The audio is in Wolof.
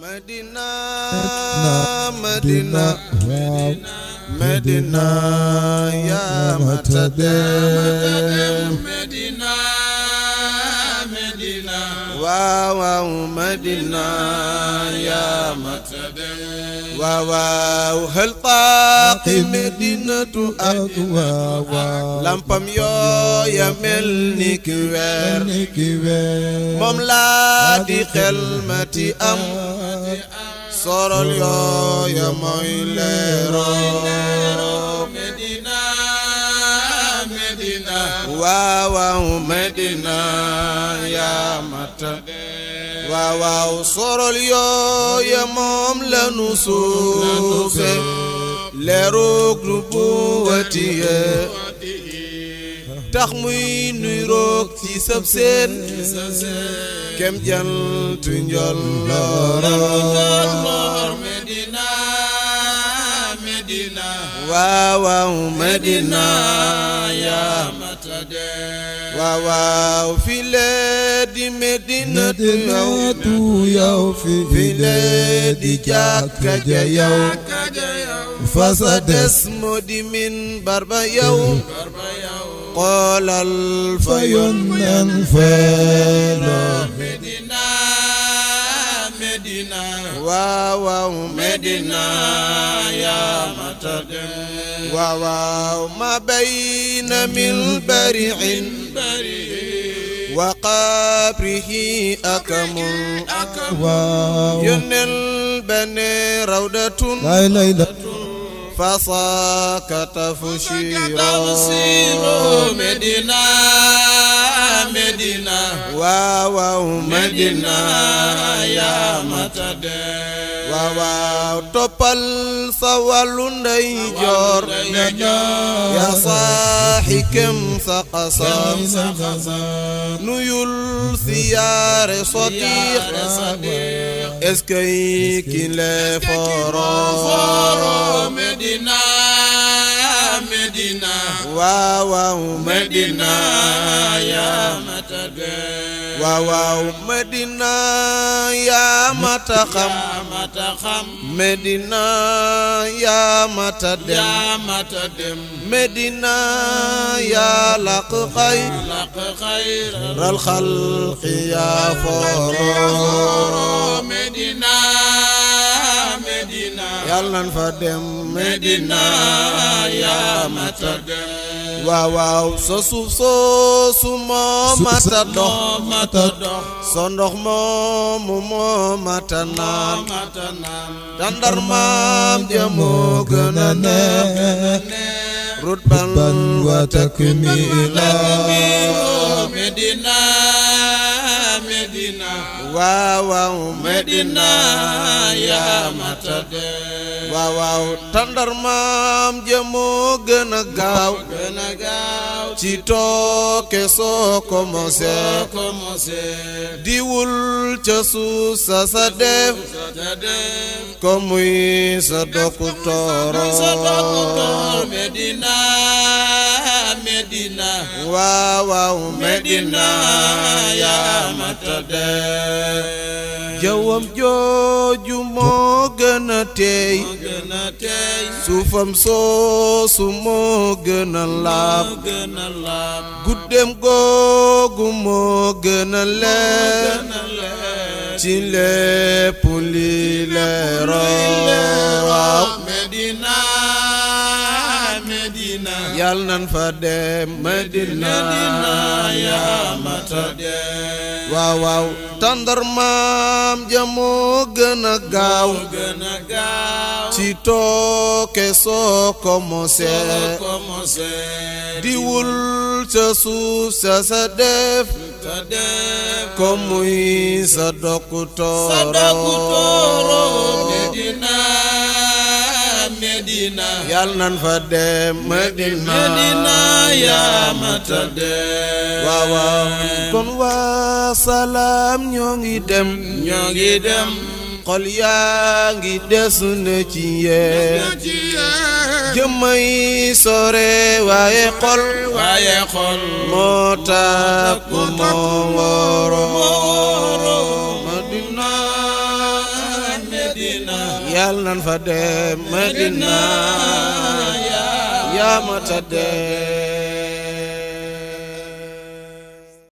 Medina Medina Medina yaa ma tade Medina waaw waaw Madina yaa matade waaw waaw hal taaqi Madinatu ak waaw waaw lampam yooya mel ni weer moom laa di am sorol yooya mooy leero waaw waaw Medina yaa mata waaw waaw sorol yooya moom lanu suufe leerug lu tax muy nuy roog ci sab seen kem jant njolloor waaw waaw Medina yaa matade waaw waaw file Medina tu yow file di jàkka ja yow fasa des min barba yow xoolal fa yoon nan fa waaw waaw Medina yaa ma tade waaw waaw ma bayna mil bari'in wa qabrihi akamul waaw yónneel benn rawdatun فصاك تفشيرا مدينة مدينة واو مدينة يا متدين waaw waaw toppal sa wàllu ndeyjoor ya saa baaxi kem sa qasa nuyul siyaare sadiq est-ce que ki le foro Medina Medina waaw waaw Medina yaa waaw waaw Medina yaa mata xam Medina yaa mata dem Medina yaa laq xayr ral xalqi yaa fooro Medina Medina yal nan fa dem waaw waaw sa suuf soosu moo mata dox sa ndox moomu moo mata naan tàndar maam jëmoo gën a neex rutban wa takmila medina waaw waaw medina yaa mata de waaw waaw tàndarmaam jëmoo gën a gaaw gaaw ci tooke soo ko mose diwul ca suuf sa def ko muy sa doktooro waaw waaw Medina yaa mata de jawam jooju moo a teey suufam soosu moo a laab guddem googu moo a leer ci lépp li leeroo yal nan fa dem Medina ya mata dem waaw tandar mam ja gëna gaaw gëna gaaw ci to tooke soo ko di wul ci su sa sa def ta ko muy sa dokutoro Medina Medina yal nan fa dem Medina yaa mata dem kon waa salaam ñoo ngi dem ñoo ngi dem xol yaa ngi des na ci yéen jëmma yi waaye xol moo tàkk moo woro Medina Medina yal nan fa dem Medina yaa ma ta dem